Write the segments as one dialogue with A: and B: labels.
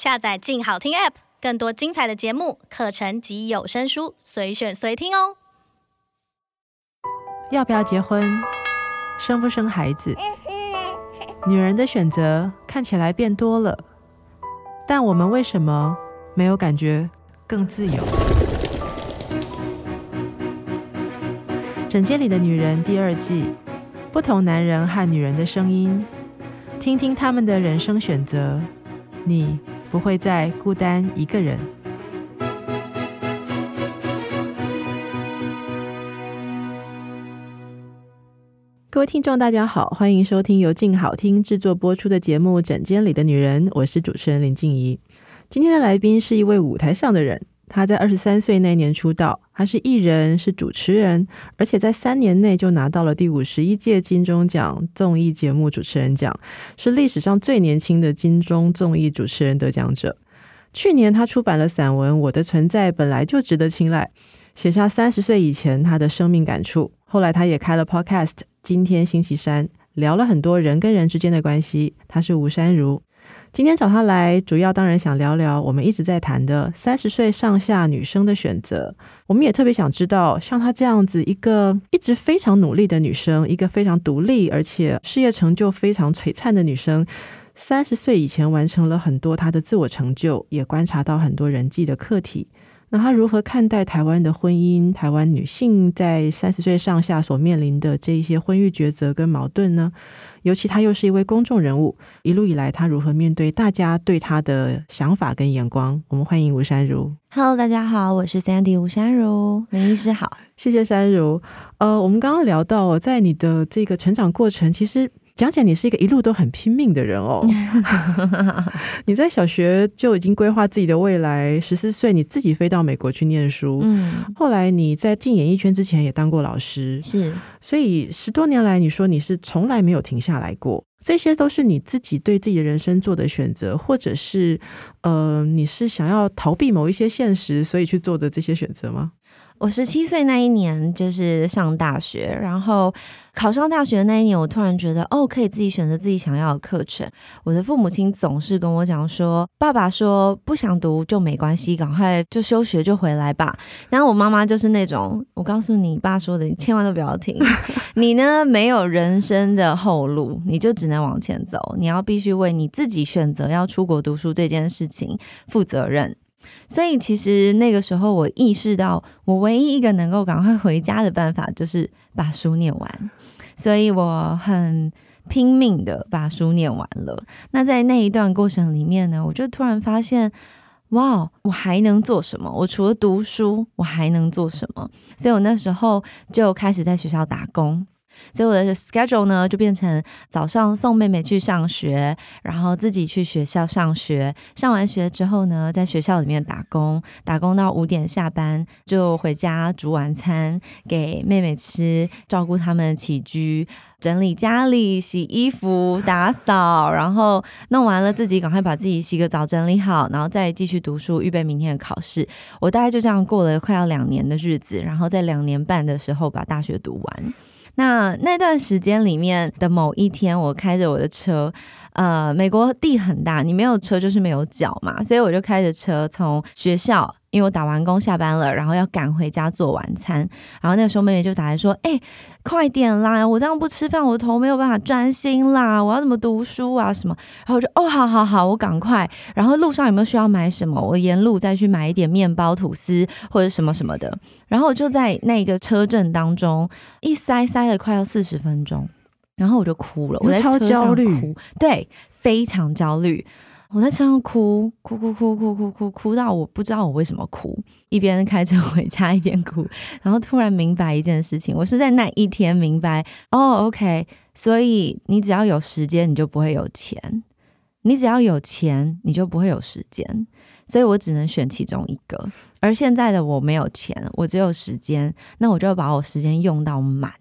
A: 下載“鏡好聽 ”App，更多精彩的節目、課程及有聲書，隨選隨聽哦。
B: 要不要結婚？生不生孩子？女人的選擇看起來變多了，但我們為什麼沒有感覺更自由？《診 間裡的女人》第二季，不同男人和女人的聲音，聽聽他們的人生選擇，你，不會再孤單一個人。各位聽眾，大家好，歡迎收聽由靜好聽制作播出的節目《診間裡的女人》，我是主持人林靜儀。今天的來賓是一位舞台上的人，她在二十三歲那年出道。他是藝人，是主持人，而且在三年內就拿到了第五十一屆金鐘獎綜藝節目主持人獎，是歷史上最年輕的金鐘綜藝主持人得獎者。去年他出版了散文《我的存在本來就值得青睞》，寫下三十歲以前他的生命感觸。後來他也開了 Podcast，《今天星期三》，聊了很多人跟人之間的關係。他是吳姍儒。今天找她來，主要當然想聊聊我們一直在談的三十歲上下女生的選擇。我們也特別想知道，像她這樣子一個一直非常努力的女生，一個非常獨立而且事業成就非常璀璨的女生，三十歲以前完成了很多她的自我成就，也觀察到很多人際的課題。那她如何看待台灣的婚姻？台灣女性在三十歲上下所面臨的這一些婚育抉擇跟矛盾呢？尤其他又是一位公眾人物，一路以來他如何面對大家對他的想法跟眼光？我們歡迎吳姍儒。
A: Hello，大家好，我是 Sandy 吳姍儒，
B: 林醫師好，謝謝姍儒。呃，我們剛剛聊到，在你的這個成長過程，其實。講講你是一個一路都很拼命的人哦。 你在小學就已經規劃自己的未來，十四歲你自己飛到美國去念書。嗯，後來你在進演藝圈之前也當過老師，是。所以十多年來，你說你是從來沒有停下來過。這些都是你自己對自己的人生做的選擇，或者是呃，你是想要逃避某一些現實，所以去做的這些選擇嗎？
A: 我十七歲那一年就是上大學，然後考上大學那一年，我突然覺得哦，可以自己選擇自己想要的課程。我的父母親總是跟我講說：“爸爸說不想讀就沒關係，趕快就休學就回來吧。”然後我媽媽就是那種：“我告訴你，爸說的，你千萬都不要聽。你呢，沒有人生的後路，你就只能往前走。你要必須為你自己選擇要出國讀書這件事情負責任。”所以，其實那個時候我意識到，我唯一一個能夠趕快回家的辦法就是把書念完。所以，我很拼命的把書念完了。那在那一段過程裡面呢，我就突然發現，哇，我還能做什麼？我除了讀書，我還能做什麼？所以，我那時候就開始在學校打工。所以我的 schedule 呢，就變成早上送妹妹去上學，然後自己去學校上學。上完學之後呢，在學校裡面打工，打工到五點下班，就回家煮晚餐給妹妹吃，照顧他們的起居，整理家裡，洗衣服，打掃，然後弄完了自己趕快把自己洗個澡，整理好，然後再繼續讀書，預備明天的考試。我大概就這樣過了快要兩年的日子，然後在兩年半的時候把大學讀完。那那段時間裡面的某一天，我開着我的車，呃，美國地很大，你沒有車就是沒有腳嘛，所以我就開着車從學校。因為我打完工下班了，然後要趕回家做晚餐，然後那個時候妹妹就打來說：“哎、欸，快點啦！我這樣不吃飯，我的頭沒有辦法專心啦，我要怎麼讀書啊什麼？”然後我就：“哦，好好好，我趕快。”然後路上有沒有需要買什麼？我沿路再去買一點面包、吐司或者什麼什麼的。然後我就在那個車陣當中一塞塞了快要四十分鐘，然後我就哭了，我在超焦慮，對，非常焦慮。我在車上哭，哭哭哭哭哭哭哭，哭到我不知道我為什麼哭。一邊開車回家，一邊哭。然後突然明白一件事情，我是在那一天明白。哦，OK，所以你只要有時間，你就不會有錢；你只要有錢，你就不會有時間。所以我只能選其中一個。而現在的我沒有錢，我只有時間，那我就把我時間用到滿。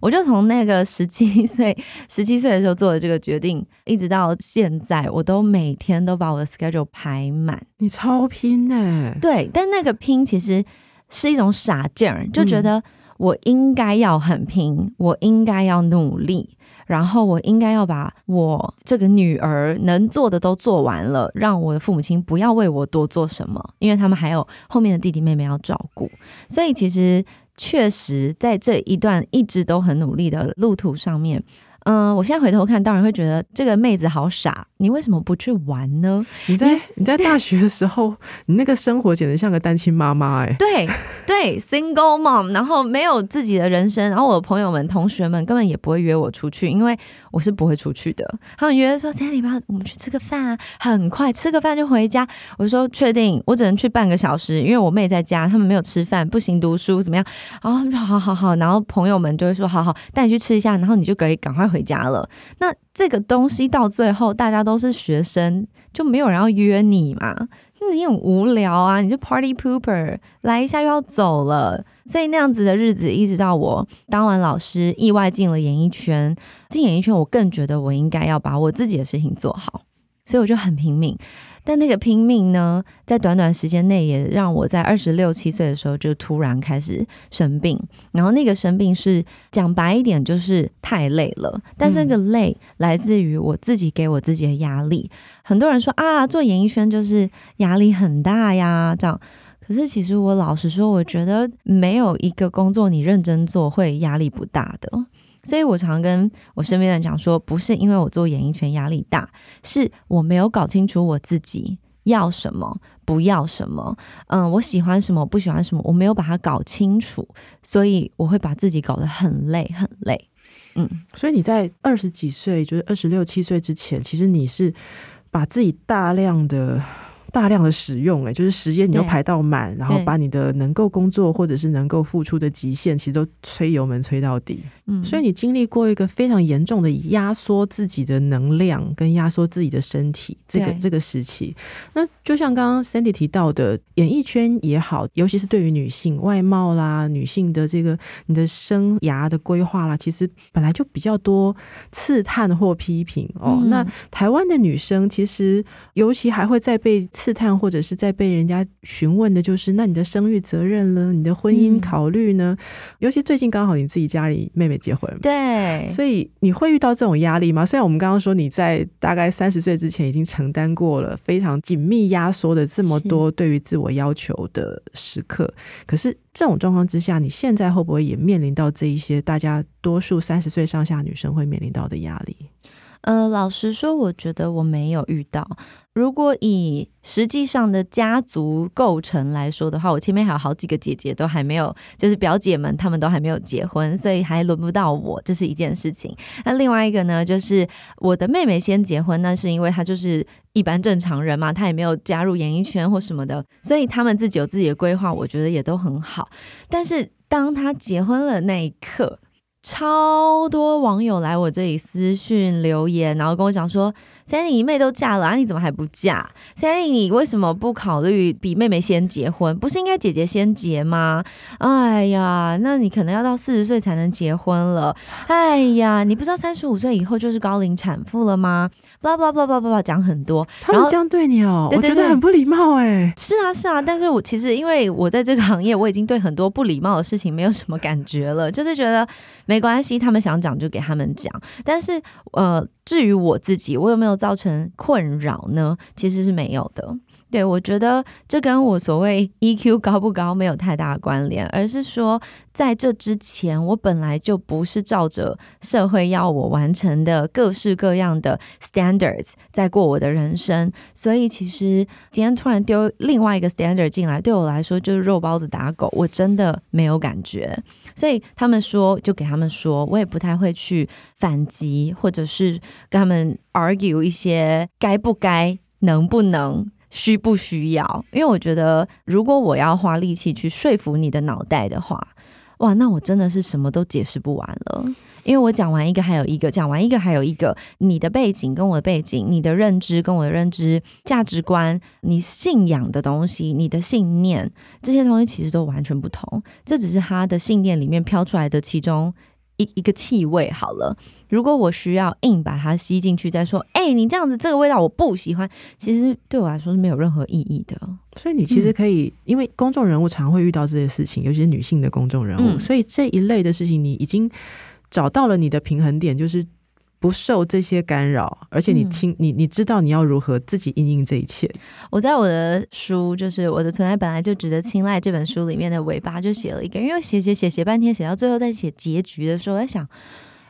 A: 我就從那個十七歲、十七歲的時候做的這個決定，一直到現在，我都每天都把我的 schedule 排滿。你超拼呢、欸！對，但那個拼其實是一種傻勁兒，就覺得我應該要很拼，我應該要努力，然後我應該要把我這個女兒能做的都做完了，讓我的父母親不要為我多做什麼，因為他們還有後面的弟弟妹妹要照顧。所以其實。確實，在這一段一直都很努力的路途上面，嗯，我現在回頭看，當然會覺得這個妹子好傻。你為什麼不去玩呢？你在
B: 你在大學的時候， 你那個生活簡直像個單親媽媽哎。
A: 對對，single mom，然後沒有自己的人生。然後我的朋友們、同學們根本也不會約我出去，因為我是不會出去的。他們約說：“下禮拜我們去吃個飯啊！”很快吃個飯就回家。我說：“確定？我只能去半個小時，因為我妹在家，他們沒有吃飯，不行，讀書怎麼樣？”然後他說：“好好好。好好”然後朋友們就會說：“好好，帶你去吃一下。”然後你就可以趕快回。回。回家了，那這個東西到最後，大家都是學生，就沒有人要約你嘛，你很無聊啊，你就 party pooper 來一下又要走了，所以那樣子的日子，一直到我當完老師，意外進了演藝圈。進演藝圈，我更覺得我應該要把我自己的事情做好，所以我就很拼命。但那個拼命呢，在短短時間內也讓我在二十六七歲的時候就突然開始生病。然後那個生病是講白一點，就是太累了。但這個累來自於我自己給我自己的壓力。嗯、很多人說啊，做演藝圈就是壓力很大呀，這樣。可是其實我老實說，我覺得沒有一個工作你認真做會壓力不大的。所以我常跟我身邊的人講說，不是因為我做演藝圈壓力大，是我沒有搞清楚我自己要什麼，不要什麼，嗯，我喜歡什麼，不喜歡什麼，我沒有把它搞清楚，所以我會把自己搞得很累，很累。嗯，所以你在
B: 二十幾歲，就是二十六七歲之前，其實你是把自己大量的。大量的使用、欸，誒，就是時間你都排到滿，對然後把你的能夠工作或者是能夠付出的極限，對其實都催油門，催到底。嗯，所以你經歷過一個非常嚴重的壓縮自己的能量跟壓縮自己的身體這個對這個時期。那就像剛剛 Sandy 提到的，演藝圈也好，尤其是對於女性外貌啦、女性的這個你的生涯的規劃啦，其實本來就比較多刺探或批評哦。嗯嗯，那台灣的女生其實尤其還會再被。刺探或者是在被人家詢問的，就是那你的生育責任了，你的婚姻考慮呢？嗯、尤其最近剛好你自己家裡妹妹結婚嘛，對，所以你會遇到這種壓力嗎？雖然我們剛剛說你在大概三十歲之前已經承擔過了非常緊密壓縮的這麼多對於自我要求的時刻，是，可是這種狀況之下，你現在會不會也面臨到這一些大家多數三十歲上下的女生會面臨到的壓力？
A: 呃，老實說，我覺得我沒有遇到。如果以實際上的家族構成來說的話，我前面還有好幾個姐姐都還沒有，就是表姐們，她們都還沒有結婚，所以還輪不到我，這是一件事情。那另外一個呢，就是我的妹妹先結婚，那是因為她就是一般正常人嘛，她也沒有加入演藝圈或什麼的，所以她們自己有自己的規劃，我覺得也都很好。但是當她結婚了那一刻，超多網友來我這裡私訊留言，然後跟我講說。Sandy，你妹都嫁了啊？你怎麼還不嫁？Sandy，你為什麼不考慮比妹妹先結婚？不是應該姐姐先結嗎？哎呀，那你可能要到四十歲才能結婚了。哎呀，你不知道三十五歲以後就是高齡產婦了嗎？blah blah blah blah blah，講很
B: 多，他們這樣對你哦？對對對，我覺得很不
A: 禮貌哎。是啊，是啊，但是我其實因為我在這個行業，我已經對很多不禮貌的事情沒有什麼感覺了，就是覺得沒關係，他們想講就給他們講。但是呃，至於我自己，我有沒有？造成困擾呢？其實是沒有的。對，我覺得這跟我所謂 EQ 高不高沒有太大的關聯，而是說在這之前，我本來就不是照着社會要我完成的各式各樣的 standards 在過我的人生，所以其實今天突然丟另外一個 standard 進來，對我來說就是肉包子打狗，我真的沒有感覺。所以他們說就給他們說，我也不太會去反擊，或者是跟他們 argue 一些該不該，能不能。需不需要？因為我覺得，如果我要花力氣去說服你的腦袋的話，哇，那我真的是什麼都解釋不完了。因為我講完一個，還有一個；講完一個，還有一個。你的背景跟我的背景，你的認知跟我的認知，價值觀，你信仰的東西，你的信念，這些東西其實都完全不同。這只是他的信念裡面飄出來的其中。一一個氣味好了，如果我需要硬把它吸進去，再說，哎、欸，你這樣子這個味道我不喜歡，其實對我來說是沒有任何意義的。
B: 所以你其實可以，嗯、因為公眾人物常會遇到這些事情，尤其是女性的公眾人物，嗯、所以這一類的事情你已經找到了你的平衡點，就是。不受這些干擾，而且你親你你知道你要如何自己因應這一切，嗯。
A: 我在我的書，就是我的存在本來就值得青睞這本書裡面的尾巴就寫了一個，因為寫寫寫寫半天，寫到最後在寫結局的時候，我在想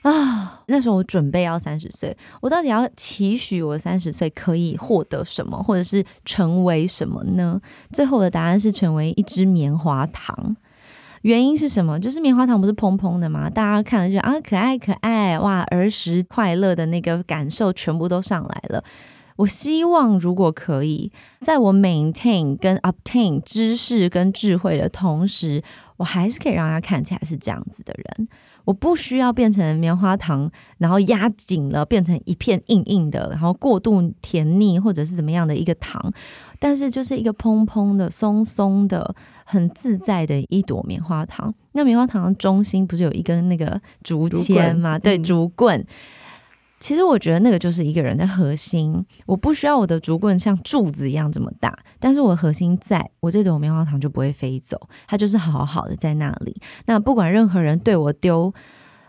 A: 啊，那時候我準備要三十歲，我到底要期許我三十歲可以獲得什麼，或者是成為什麼呢？最後的答案是成為一支棉花糖。原因是什麼？就是棉花糖不是蓬蓬的嗎？大家看了就啊，可愛可愛，哇，兒時快樂的那個感受全部都上來了。我希望如果可以，在我 maintain 跟 obtain 知識跟智慧的同時，我還是可以讓他看起來是這樣子的人。我不需要變成棉花糖，然後壓緊了變成一片硬硬的，然後過度甜膩或者是怎麼樣的一個糖，但是就是一個蓬蓬的、鬆鬆的、很自在的一朵棉花糖。那棉花糖的中心不是有一根那個竹籤嗎？竹棍？對，竹棍。嗯其實我覺得那個就是一個人的核心。我不需要我的竹棍像柱子一樣這麼大，但是我的核心在，我這朵棉花糖就不會飛走，它就是好好的在那裡。那不管任何人對我丟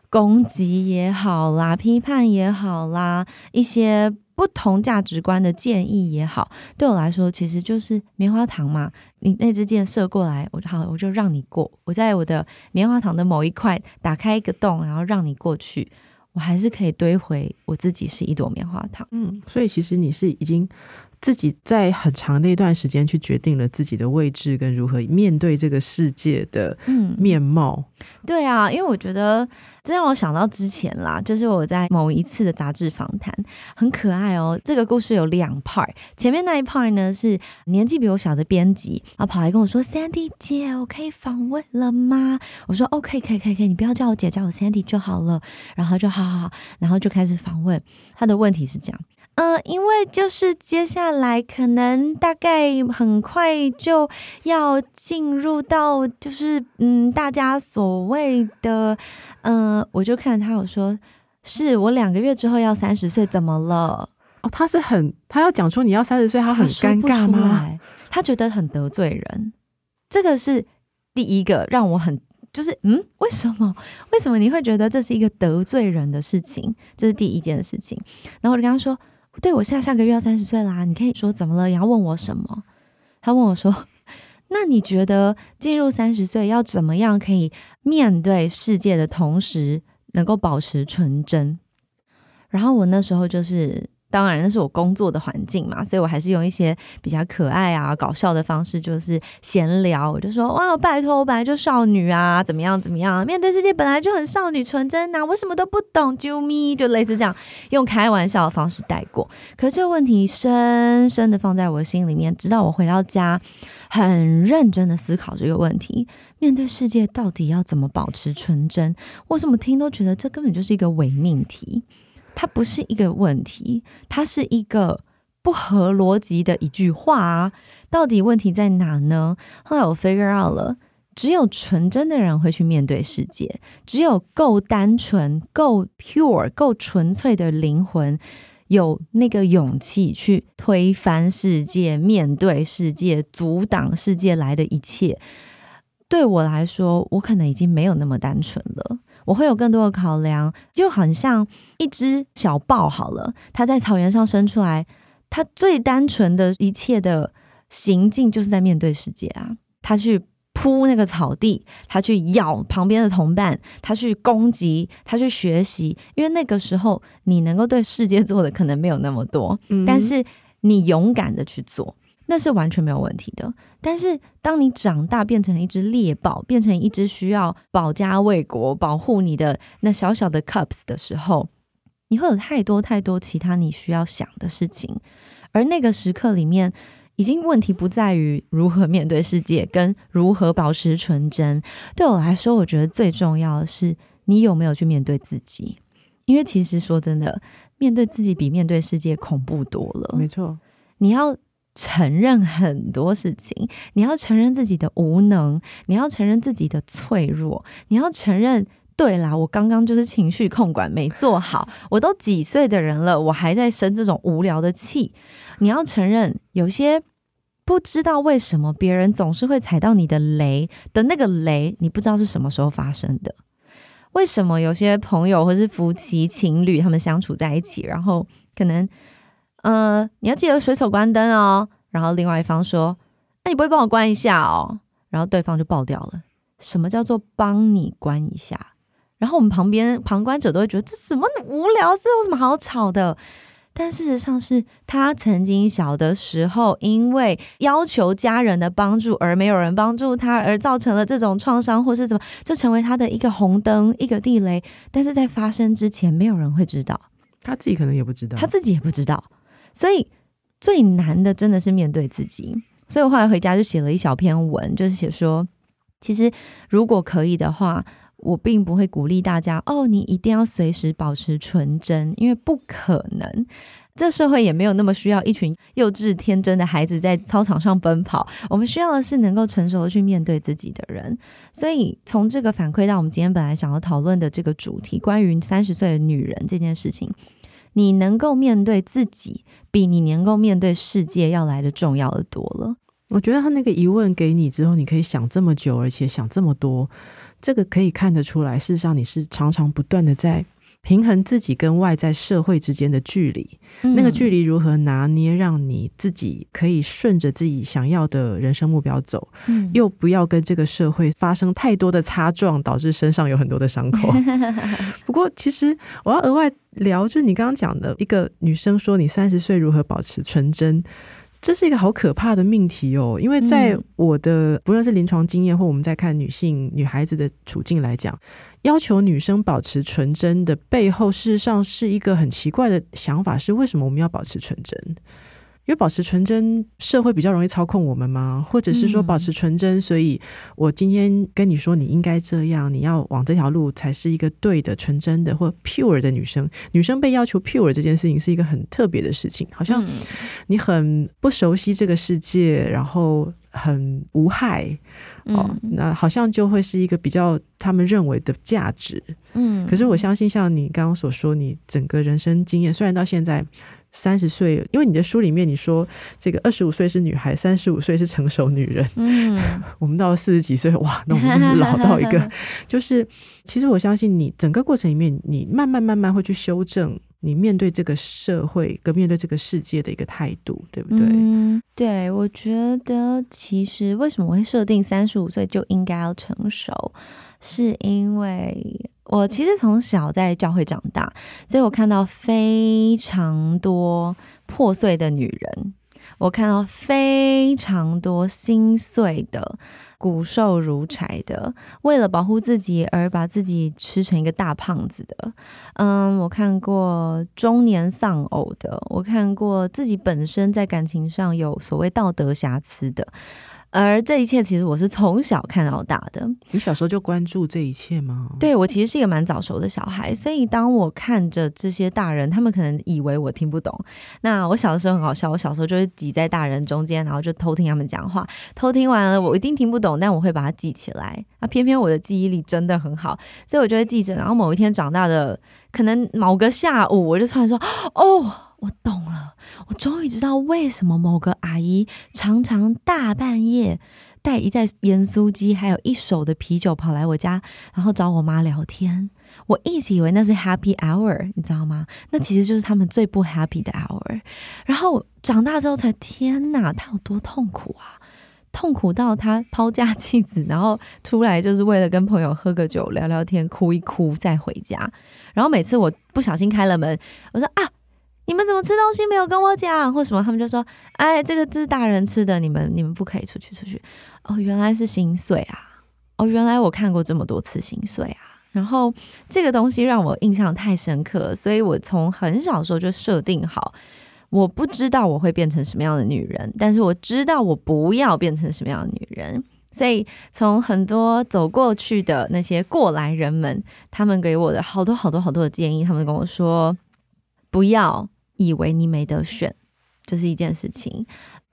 A: 攻擊也好啦，批判也好啦，一些不同價值觀的建議也好，對我來說，其實就是棉花糖嘛。你那支箭射過來，我好，我就讓你過。我在我的棉花糖的某一塊打開一個洞，然後讓你過去。我還是可以堆回我自己是一朵棉花糖，嗯，所以其實你是已經。自己在很
B: 長的一段時間去決定了自己的位置跟如何面對這個世界的面
A: 貌。嗯，對啊，因為我覺得這讓我想到之前啦，就是我在某一次的雜誌訪談，很可愛哦。這個故事有兩 part，前面那一 part 呢是年紀比我小的編輯啊跑來跟我說：“Sandy 姐，我可以訪問了嗎？”我說：“OK，哦，可以，可以，可以，你不要叫我姐，叫我 Sandy 就好了。”然後就好好好，然後就開始訪問。他的問題是這樣。嗯、呃，因為就是接下來可能大概很快就要進入到，就是嗯，大家所謂的嗯、呃，我就看他有說是我兩個月之後要三十歲，怎麼了？哦，他是很他要講出你要三十歲，他很尷尬嗎他？他覺得很得罪人，這個是第一個讓我很就是嗯，為什麼？為什麼你會覺得這是一個得罪人的事情？這是第一件事情，然後我就跟他說。對，我下下個月要三十歲啦。你可以說怎麼了？然後問我什麼？他問我說：“那你覺得進入三十歲要怎麼樣，可以面對世界的同時，能夠保持純真？”然後我那時候就是。當然，那是我工作的環境嘛，所以我還是用一些比較可愛啊、搞笑的方式，就是閒聊。我就說，哇，拜託，我本來就少女啊，怎麼樣怎麼樣？面對世界本來就很少女、純真啊，我什麼都不懂，啾 m 就類似這樣用開玩笑的方式帶過。可是這個問題深深的放在我心裡面，直到我回到家，很認真的思考這個問題：面對世界到底要怎麼保持純真？我怎麼聽都覺得這根本就是一個偽命題。它不是一個問題，它是一個不合邏輯的一句話啊。到底問題在哪呢？後來我 figure out 了，只有純真的人會去面對世界，只有夠單純、夠 pure、夠純粹的靈魂，有那個勇氣去推翻世界、面對世界、阻擋世界來的一切。對我來說，我可能已經沒有那麼單純了。我會有更多的考量，就很像一隻小豹好了，它在草原上生出來，它最單純的一切的行徑就是在面對世界啊！它去撲那個草地，它去咬旁邊的同伴，它去攻擊，它去學習。因為那個時候，你能夠對世界做的可能沒有那麼多，嗯、但是你勇敢的去做。那是完全沒有問題的。但是，當你長大變成一隻獵豹，變成一隻需要保家衛國、保護你的那小小的 cubs 的時候，你會有太多太多其他你需要想的事情。而那個時刻裡面，已經問題不在於如何面對世界，跟如何保持純真。對我來說，我覺得最重要的是你有沒有去面對自己。因為其實說真的，面對自己比面對世界恐怖多了。沒錯，你要。承認很多事情，你要承認自己的無能，你要承認自己的脆弱，你要承認，對啦，我剛剛就是情緒控管，沒做好。我都幾歲的人了，我還在生這種無聊的氣。你要承認，有些不知道為什麼別人總是會踩到你的雷的那個雷，你不知道是什麼時候發生的。為什麼有些朋友或是夫妻情侶他們相處在一起，然後可能，呃，你要記得隨手關燈哦。然後另外一方說：“那、啊、你不會幫我關一下哦？”然後對方就爆掉了。什麼叫做幫你關一下？然後我們旁邊旁觀者都會覺得這什麼無聊事，有什麼好吵的？但事實上是他曾經小的時候，因為要求家人的幫助而沒有人幫助他，而造成了這種創傷，或是怎麼，就成為他的一個紅燈，一個地雷。但是在發生之前，沒有人會知道，
B: 他自己可能也不知道，他自
A: 己也不知道。所以最難的真的是面對自己，所以我後來回家就寫了一小篇文，就是寫說，其實如果可以的話，我並不會鼓勵大家哦，你一定要隨時保持純真，因為不可能，這社會也沒有那麼需要一群幼稚天真的孩子在操場上奔跑。我們需要的是能夠成熟的去面對自己的人。所以從這個反饋到我們今天本來想要討論的這個主題，關於三十歲的女人這件事情。你能夠面對自己，比你能夠面對世界要來的重要的多了。
B: 我覺得他那個疑問給你之後，你可以想這麼久，而且想這麼多，這個可以看得出來。事實上，你是常常不斷的在，平衡自己跟外在社會之間的距離，
A: 嗯、那個距離
B: 如何拿捏，讓你自己可以順着自己想要的人生目標走，嗯、又不要跟這個社會發生太多的擦撞，導致身上有很多的傷口。 不過，其實我要額外聊，就是你剛剛講的一個女生說：“你三十歲如何保持純真？”這是一個好可怕的命題哦，因為在我的不論是臨床經驗，或我們在看女性、女孩子的處境來講。要求女生保持純真的背後，事實上是一個很奇怪的想法。是為什麼我們要保持純真？因為保持純真，社會比較容易操控我們嗎？或者是說，保持純真，嗯、所以我今天跟你說，你應該這樣，你要往這條路才是一個對的，純真的或 pure 的女生。女生被要求 pure 這件事情，是一個很特別的事情，好像你很不熟悉這個世界，然後很無害。哦，那好像就會是一個比較他們認為的價值，嗯。可是我相信，像你剛剛所說，你整個人生經驗，雖然到現在三十歲，因為你的書裡面你說這個二十五歲是女孩，三十五歲是成熟女人，嗯、 我們到了四十幾歲，哇，那我們老到一個， 就是其實我相信你整個過程裡面，你慢慢慢慢會去修正。你面對這個社會，跟面對這個世界的一個態度，對不對？
A: 嗯，對，我覺得其實為什麼我會設定三十五歲就應該要成熟，是因為我其實從小在教會長大，所以我看到非常多破碎的女人。我看到非常多心碎的、骨瘦如柴的，為了保護自己而把自己吃成一個大胖子的，嗯，我看過中年喪偶的，我看過自己本身在感情上有所謂道德瑕疵的。而這一切其實我是從小看到大的。你小時候就關注這一切嗎？對，我其實是一個蠻早熟的小孩，所以當我看着這些大人，他們可能以為我聽不懂。那我小的時候很好笑，我小時候就會擠在大人中間，然後就偷聽他們講話。偷聽完了，我一定聽不懂，但我會把它記起來。啊，偏偏我的記憶力真的很好，所以我就會記着。然後某一天長大的，可能某個下午，我就突然說：“哦。”我懂了，我終於知道為什麼某個阿姨常常大半夜帶一袋鹽酥雞，還有一手的啤酒跑來我家，然後找我媽聊天。我一直以為那是 Happy Hour，你知道嗎？那其實就是他們最不 Happy 的 Hour。然後長大之後才天哪，他有多痛苦啊！痛苦到他拋家棄子，然後出來就是為了跟朋友喝個酒、聊聊天、哭一哭，再回家。然後每次我不小心開了門，我說啊。你們怎麼吃東西沒有跟我講，或什麼？他們就說：“哎，這個這是大人吃的，你們你們不可以出去出去。”哦，原來是心碎啊！哦，原來我看過這麼多次心碎啊！然後這個東西讓我印象太深刻，所以我從很小時候就設定好，我不知道我會變成什麼樣的女人，但是我知道我不要變成什麼樣的女人。所以從很多走過去的那些過來人們，他們給我的好多好多好多的建議，他們跟我說：“不要。”以為你沒得選，這是一件事情；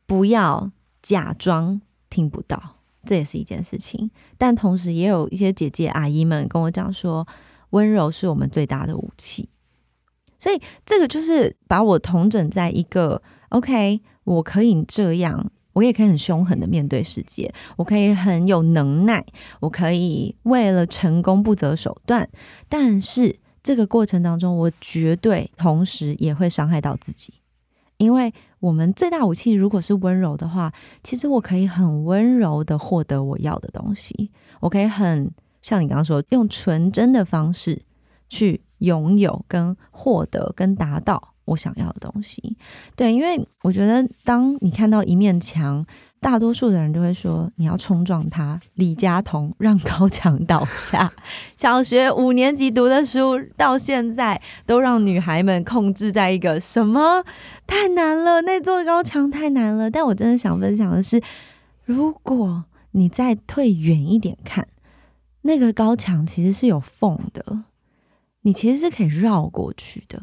A: 不要假裝聽不到，這也是一件事情。但同時，也有一些姐姐阿姨們跟我講說，溫柔是我們最大的武器。所以，這個就是把我統整在一個 OK，我可以這樣，我也可以很凶狠的面對世界，我可以很有能耐，我可以為了成功不擇手段，但是。這個過程當中，我絕對同時也會傷害到自己，因為我們最大武器如果是溫柔的話，其實我可以很溫柔的獲得我要的東西，我可以很，像你剛剛說，用純真的方式去擁有、跟獲得、跟達到我想要的東西。對，因為我覺得當你看到一面牆。大多數的人都會說：“你要衝撞它，李佳彤，讓高牆倒下。”小學五年級讀的書到現在都讓女孩們控制在一個什麼？太難了，那座高牆太難了。但我真的想分享的是，如果你再退遠一點看，那個高牆其實是有縫的，你其實是可以繞過去的。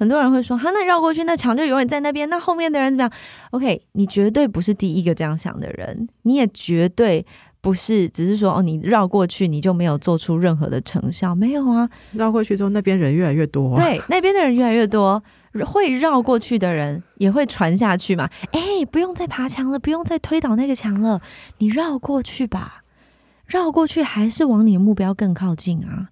A: 很多人會說：“哈，啊，那繞過去，那牆就永遠在那邊。那後面的人怎麼樣？” OK，你絕對不是第一個這樣想的人，你也絕對不是只是說哦，你繞過去你就沒有做出任何的成效。沒有啊，繞過去之後，那邊人越來越多啊。對，那邊的人越來越多，會繞過去的人也會傳下去嘛。誒，不用再爬牆了，不用再推倒那個牆了，你繞過去吧。繞過去還是往你的目標更靠近啊。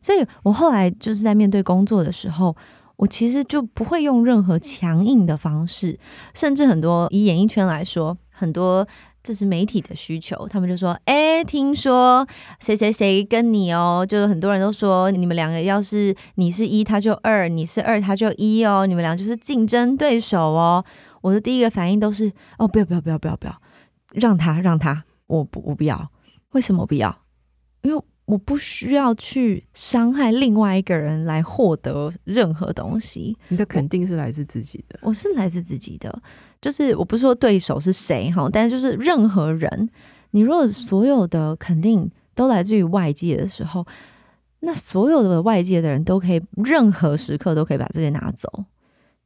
A: 所以，我後來就是在面對工作的時候。我其實就不會用任何強硬的方式，甚至很多以演藝圈來說，很多這是媒體的需求，他們就說：“誒，聽說誰誰誰跟你哦，就是很多人都說你們兩個要是你是一，他就二；你是二，他就一哦，你們倆就是競爭對手哦。”我的第一個反應都是：“哦，不要不要不要不要不要，讓他讓他，我不我不要，為什麼我不要？因為。”我不需要去傷害另外一個人來獲得任何東西。你的肯定是來自自己的，我是來自自己的。就是我不是說對手是誰哈，但是就是任何人，你如果所有的肯定都來自於外界的時候，那所有的外界的人都可以，任何時刻都可以把這些拿走，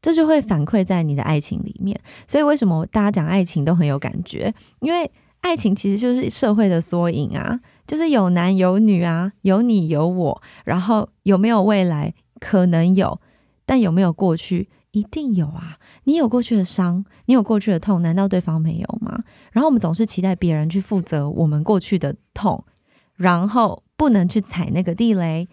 A: 這就會反饋在你的愛情裡面。所以為什麼大家講愛情都很有感覺？因為愛情其實就是社會的縮影啊。就是有男有女啊，有你有我，然後有沒有未來？可能有，但有沒有過去？一定有啊！你有過去的傷，你有過去的痛，難道對方沒有嗎？然後我們總是期待別人去負責我們過去的痛，然後不能去踩那個地雷，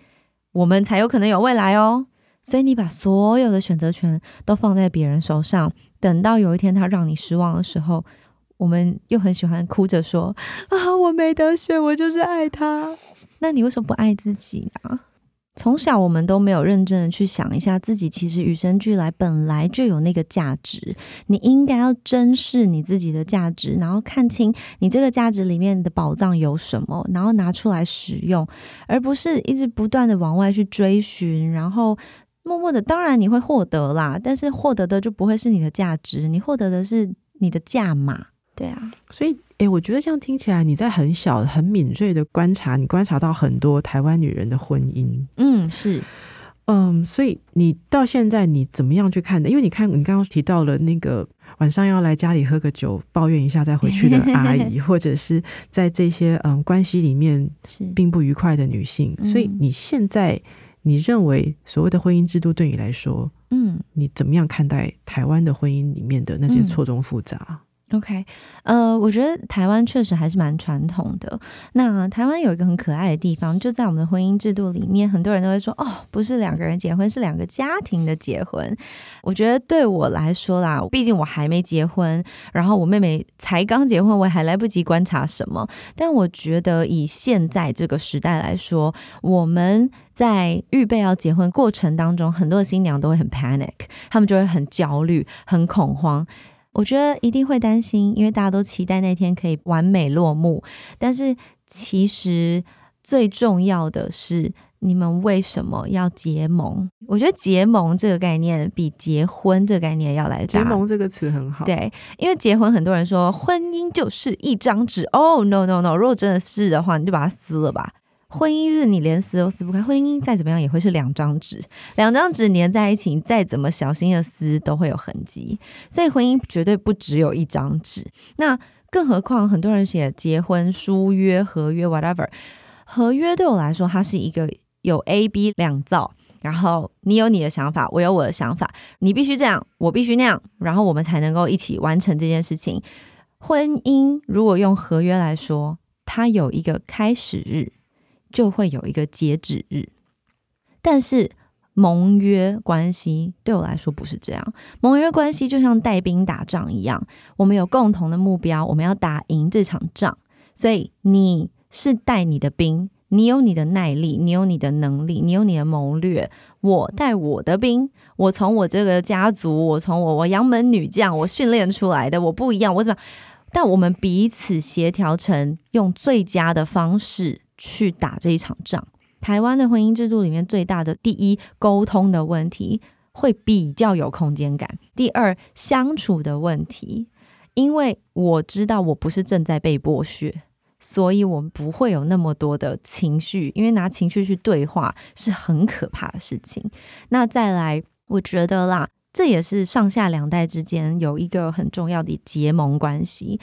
A: 我們才有可能有未來哦。所以你把所有的選擇權都放在別人手上，等到有一天他讓你失望的時候，我們又很喜歡哭着說啊，我沒得選，我就是愛他。那你為什麼不愛自己呢？從小我們都沒有認真的去想一下，自己其實與生俱來本來就有那個價值，你應該要珍視你自己的價值，然後看清你這個價值裡面的寶藏有什麼，然後拿出來使用，而不是一直不斷的往外去追尋，然後默默的，當然你會獲得啦，但是獲得的就不會是你的價值，你獲得的是你的價碼。對
B: 啊，所以哎、欸，我覺得這樣聽起來，你在很小、很敏銳的觀察，你觀察到很多台灣女人的婚姻。嗯，是，嗯，所以你到現在你怎麼樣去看的？因為你看，你剛剛提到了那個晚上要來家裡喝個酒、抱怨一下再回去的阿姨， 或者是在這些嗯關係裡面並不愉快的女性。嗯、所以你現在你認為所謂的婚姻制度對你來說，嗯，你怎麼樣看待台灣的婚姻裡面的那些錯綜複雜？嗯
A: OK，呃、uh，我覺得台灣確實還是蠻傳統的。那台灣有一個很可愛的地方，就在我們的婚姻制度裡面，很多人都會說：“哦，不是兩個人結婚，是兩個家庭的結婚。”我覺得對我來說啦，畢竟我還沒結婚，然後我妹妹才剛結婚，我還來不及觀察什麼。但我覺得以現在這個時代來說，我們在預備要結婚過程當中，很多的新娘都會很 panic，他們就會很焦慮、很恐慌。我覺得一定會擔心，因為大家都期待那天可以完美落幕。但是其實最重要的是，你們為什麼要結盟？我覺得結盟這個概念比結婚這個概念要來。結盟這個詞很好，對，因為結婚很多人說婚姻就是一張紙。哦，oh，no no no，如果真的是的話，你就把它撕了吧。婚姻日，你連撕都撕不開。婚姻再怎麼樣也會是兩張紙，兩張紙粘在一起，你再怎麼小心的撕都會有痕跡。所以婚姻絕對不只有一張紙。那更何況很多人寫結婚書約、合約，whatever。合約對我來說，它是一個有 A、B 兩造，然後你有你的想法，我有我的想法，你必須這樣，我必須那樣，然後我們才能夠一起完成這件事情。婚姻如果用合約來說，它有一個開始日。就會有一個截止日，但是盟約關係對我來說不是這樣。盟約關係就像帶兵打仗一樣，我們有共同的目標，我們要打贏這場仗。所以你是帶你的兵，你有你的耐力，你有你的能力，你有你的謀略。我帶我的兵，我從我這個家族，我從我我楊門女將，我訓練出來的，我不一樣，我怎麼？但我們彼此協調成用最佳的方式。去打這一場仗，台灣的婚姻制度裡面最大的第一，溝通的問題會比較有空間感；第二，相處的問題，因為我知道我不是正在被剝削，所以我們不會有那麼多的情緒，因為拿情緒去對話是很可怕的事情。那再來，我覺得啦，這也是上下兩代之間有一個很重要的結盟關係，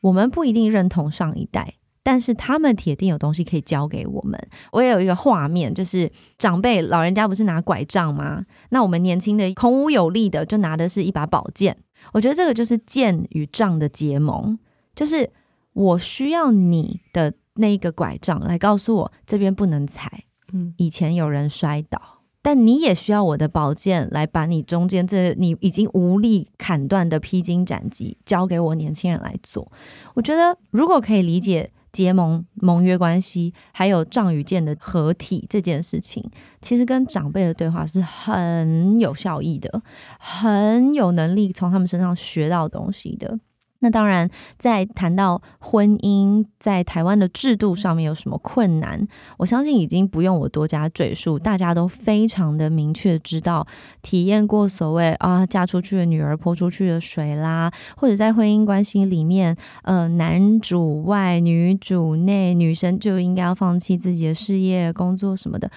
A: 我們不一定認同上一代。但是他們鐵定有東西可以教給我們。我也有一個畫面，就是長輩老人家不是拿拐杖嗎？那我們年輕的孔武有力的就拿的是一把寶劍。我覺得這個就是劍與杖的結盟，就是我需要你的那一個拐杖來告訴我這邊不能踩，嗯，以前有人摔倒，但你也需要我的寶劍來把你中間這你已經無力砍斷的披荊斬棘交給我年輕人來做。我覺得如果可以理解。結盟、盟約關係，還有仗與劍的合體這件事情，其實跟長輩的對話是很有效益的，很有能力從他們身上學到東西的。那當然，在談到婚姻在台灣的制度上面有什麼困難，我相信已經不用我多加贅述，大家都非常的明確知道，體驗過所謂啊嫁出去的女兒潑出去的水啦，或者在婚姻關係裡面，呃男主外女主內，女生就應該要放棄自己的事業工作什麼的。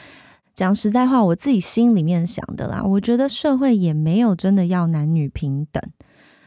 A: 講實在話，我自己心裡面想的啦，我覺得社會也沒有真的要男女平等。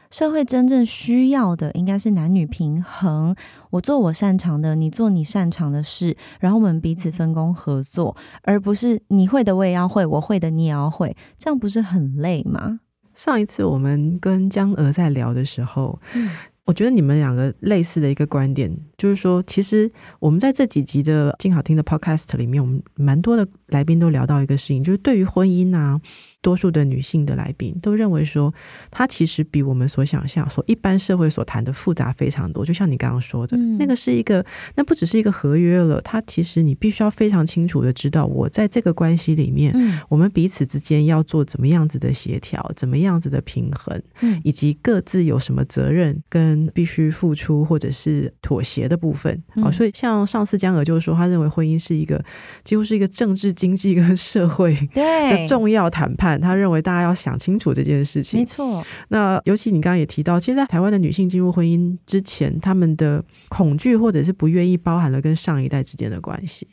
A: 社會真正需要的應該是男女平衡。我做我擅長的，你做你擅長的事，然後我們彼此分工合作，而不是你會的我也要會，我會的你也要會，這樣不是很累嗎？
B: 上一次我們跟江鵝在聊的時候，嗯、我覺得你們兩個類似的一個觀點。就是說，其實我們在這幾集的《靜好聽》的 Podcast 裡面，我們蠻多的來賓都聊到一個事情，就是對於婚姻吶、啊，多數的女性的來賓都認為說，她其實比我們所想象、所一般社會所談的複雜非常多。就像你剛剛說的，嗯、那個是一個，那不只是一個合約了，她其實你必須要非常清楚的知道，我在這個關係裡面，嗯、我們彼此之間要做怎麼樣子的協調，怎麼樣子的平衡，嗯、以及各自有什麼責任跟必須付出或者是妥協的。的部分啊、哦，所以像上次江娥就說，嗯、他認為婚姻是一個幾乎是一個政治、經濟跟社會的重要談判。對他認為大家要想清楚這件事情，沒錯錯。那尤其你剛剛也提到，其實在台灣的女性進入婚姻之前，她們的恐懼或者是不願意包含了跟上一代之間的關係，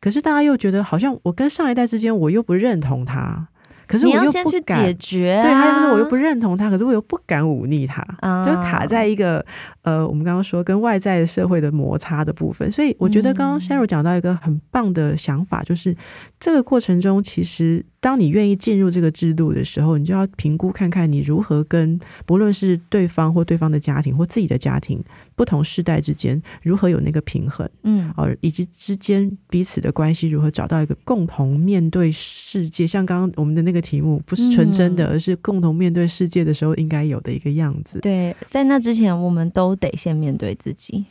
B: 可是大家又覺得好像我跟上一代之間，我又不認同他。
A: 可是我又不敢，你要先去解決啊、對，還說我又
B: 不認同他，可是我又不敢忤逆他，啊、就卡在一個呃，我們剛剛說跟外在的社會的摩擦的部分。所以我覺得剛剛、嗯、姍儒講到一個很棒的想法，就是這個過程中，其實當你願意進入這個制度的時候，你就要評估看看你如何跟不論是對方或對方的家庭或自己的家庭。不同世代之間如何有那個平衡？嗯，而以及之間彼此的關係如何找到一個共同面對世界？像剛剛我們的那個題目，不是純真的，嗯、而是共同面對世界的時候應該有的一個樣子。
A: 對，在那之前，我們都得先面對自己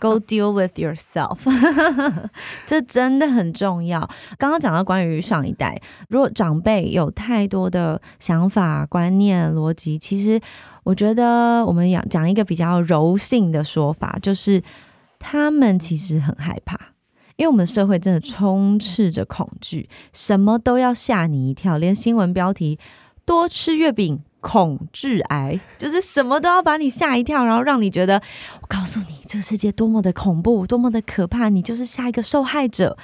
A: ，Go deal with yourself。啊。 這真的很重要。剛剛講到關於上一代，如果長輩有太多的想法、觀念、邏輯，其實。我覺得我們講講一個比較柔性的說法，就是他們其實很害怕，因為我們社會真的充斥着恐懼，什麼都要嚇你一跳，連新聞標題“多吃月餅恐致癌”，就是什麼都要把你嚇一跳，然後讓你覺得我告訴你這個世界多麼的恐怖，多麼的可怕，你就是下一個受害者。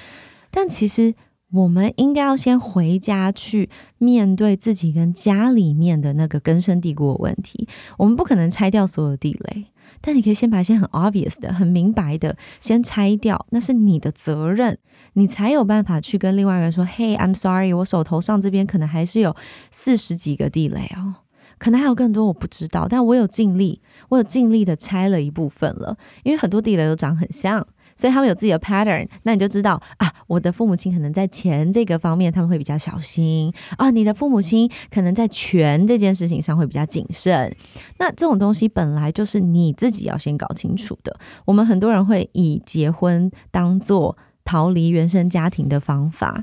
A: 但其實。我們應該要先回家去面對自己跟家裡面的那個根深蒂固的問題。我們不可能拆掉所有地雷，但你可以先把一些很 obvious 的、很明白的先拆掉。那是你的責任，你才有辦法去跟另外一個人說：“嘿，I'm sorry，我手頭上這邊可能還是有四十幾個地雷哦，可能還有更多，我不知道，但我有盡力，我有盡力的拆了一部分了。因為很多地雷都長很像。”所以他們有自己的 pattern，那你就知道啊，我的父母親可能在錢這個方面他們會比較小心啊，你的父母親可能在權這件事情上會比較謹慎。那這種東西本來就是你自己要先搞清楚的。我們很多人會以結婚當做逃離原生家庭的方法，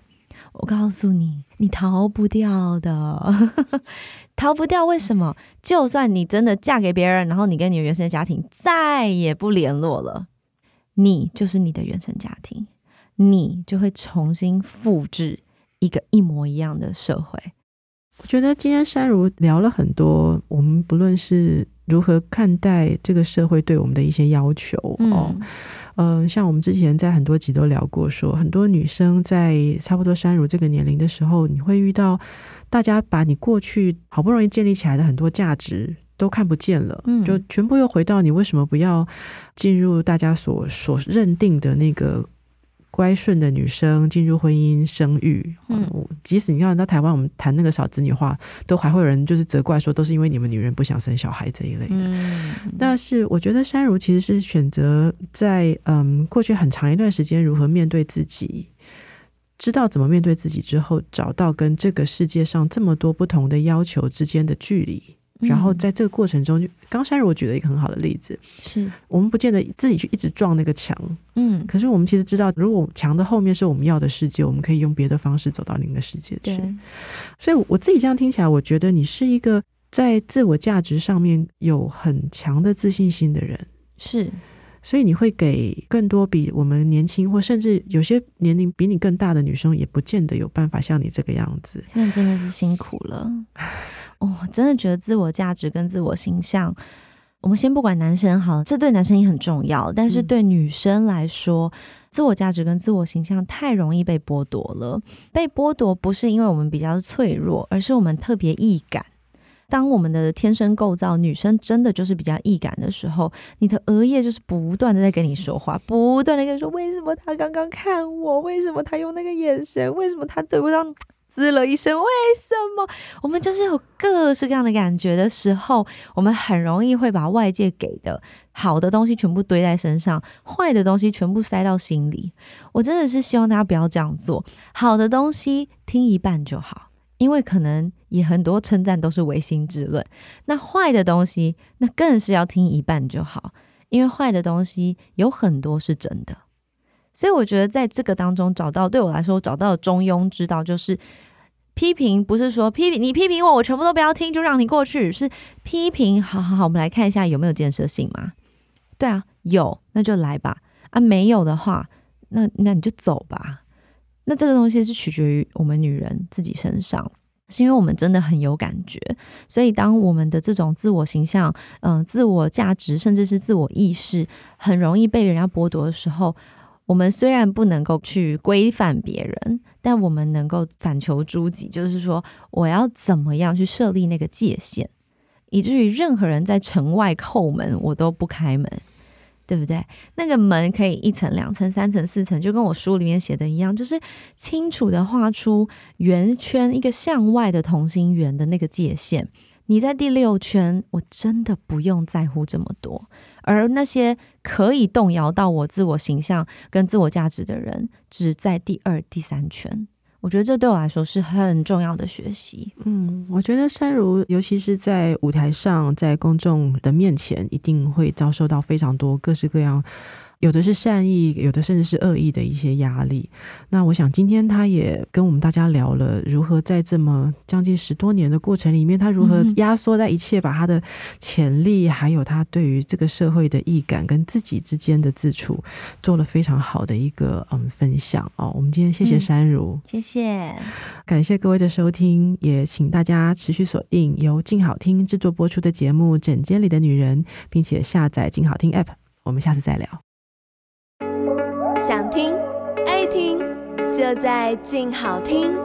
A: 我告訴你，你逃不掉的， 逃不掉。為什麼？就算你真的嫁給別人，然後你跟你的原生家庭再也不聯絡了。你就是你的原生家庭，你就會重新複製一個一模一樣的社會。我覺得今天姍
B: 儒聊了很多，我們不論是如何看待這個社會對我們的一些要求、嗯、哦、呃，像我們之前在很多集都聊過說，說很多女生在差不多姍儒這個年齡的時候，你會遇到大家把你過去好不容易建立起來的很多價值。都看不見了，就全部又回到你為什麼不要進入大家所所認定的那個乖順的女生進入婚姻生育？嗯，即使你看到台灣，我們談那個少子女化，都還會有人就是責怪說都是因為你們女人不想生小孩這一類的。嗯、但是我覺得姍儒其實是選擇在嗯過去很長一段時間如何面對自己，知道怎麼面對自己之後，找到跟這個世界上這麼多不同的要求之間的距離。然後在這個過程中，嗯、剛才我舉了一個很好的例子，是我們不見得自己去一直撞那個牆。嗯，可是我們其實知道，如果牆的後面是我們要的世界，我們可以用別的方式走到您的世界去。對所以我自己這樣聽起來，我覺得你是一個在自我價值上面有很強的自信心的人。是，所以你會給更多比我們年輕，或甚至有些年齡比你更大的女生，也不見得有辦法像你這個樣子。
A: 那真的是辛苦了。 哦，oh, 真的覺得自我價值跟自我形象，我們先不管男生好了，這對男生也很重要。但是對女生來說，嗯、自我價值跟自我形象太容易被剝奪了。被剝奪不是因為我們比較脆弱，而是我們特別易感。當我們的天生構造，女生真的就是比較易感的時候，你的額葉就是不斷的在跟你說話，不斷的跟你說：“為什麼他剛剛看我？為什麼他用那個眼神？為什麼他嘴巴上？”滋了一聲，為什麼？我們就是有各式各樣的感覺的時候，我們很容易會把外界給的好的東西全部堆在身上，壞的東西全部塞到心裡。我真的是希望大家不要這樣做。好的東西聽一半就好，因為可能也很多稱讚都是違心之論。那壞的東西，那更是要聽一半就好，因為壞的東西有很多是真的。所以我覺得，在這個當中找到對我來說找到中庸之道，就是批評不是說批評你批評我，我全部都不要聽，就讓你過去。是批評，好好好，我們來看一下有沒有建設性嘛？對啊，有，那就來吧。啊，沒有的話，那那你就走吧。那這個東西是取決於我們女人自己身上，是因為我們真的很有感覺，所以當我們的這種自我形象、嗯、呃，自我價值，甚至是自我意識，很容易被人家剝奪的時候。我們雖然不能夠去規範別人，但我們能夠反求諸己，就是說我要怎麼樣去設立那個界限，以至於任何人在城外叩門，我都不開門，對不對？那個門可以一層、兩層、三層、四層，就跟我書裡面寫的一樣，就是清楚地畫出圓圈，一個向外的同心圓的那個界限。你在第六圈，我真的不用在乎這麼多。而那些可以動搖到我自我形象跟自我價值的人，只在第二、第三圈。我覺得這對我來說是很重要的學習。嗯，我覺得姍儒，
B: 尤其是在舞台上，在公眾的面前，一定會遭受到非常多各式各樣。有的是善意，有的甚至是惡意的一些壓力。那我想今天他也跟我們大家聊了如何在這麼將近十多年的過程裡面，他如何壓縮在一切，嗯、哼把他的潛力，還有他對於這個社會的易感跟自己之間的自處，做了非常好的一個嗯分享哦。我們今天謝謝姍儒、嗯，謝謝，感謝各位的收聽，也請大家持續鎖定由靜好聽製作播出的節目《診間裡的女人》，並且下載靜好聽 App。我們下次再聊。
A: 想聽愛聽，就在靜好聽。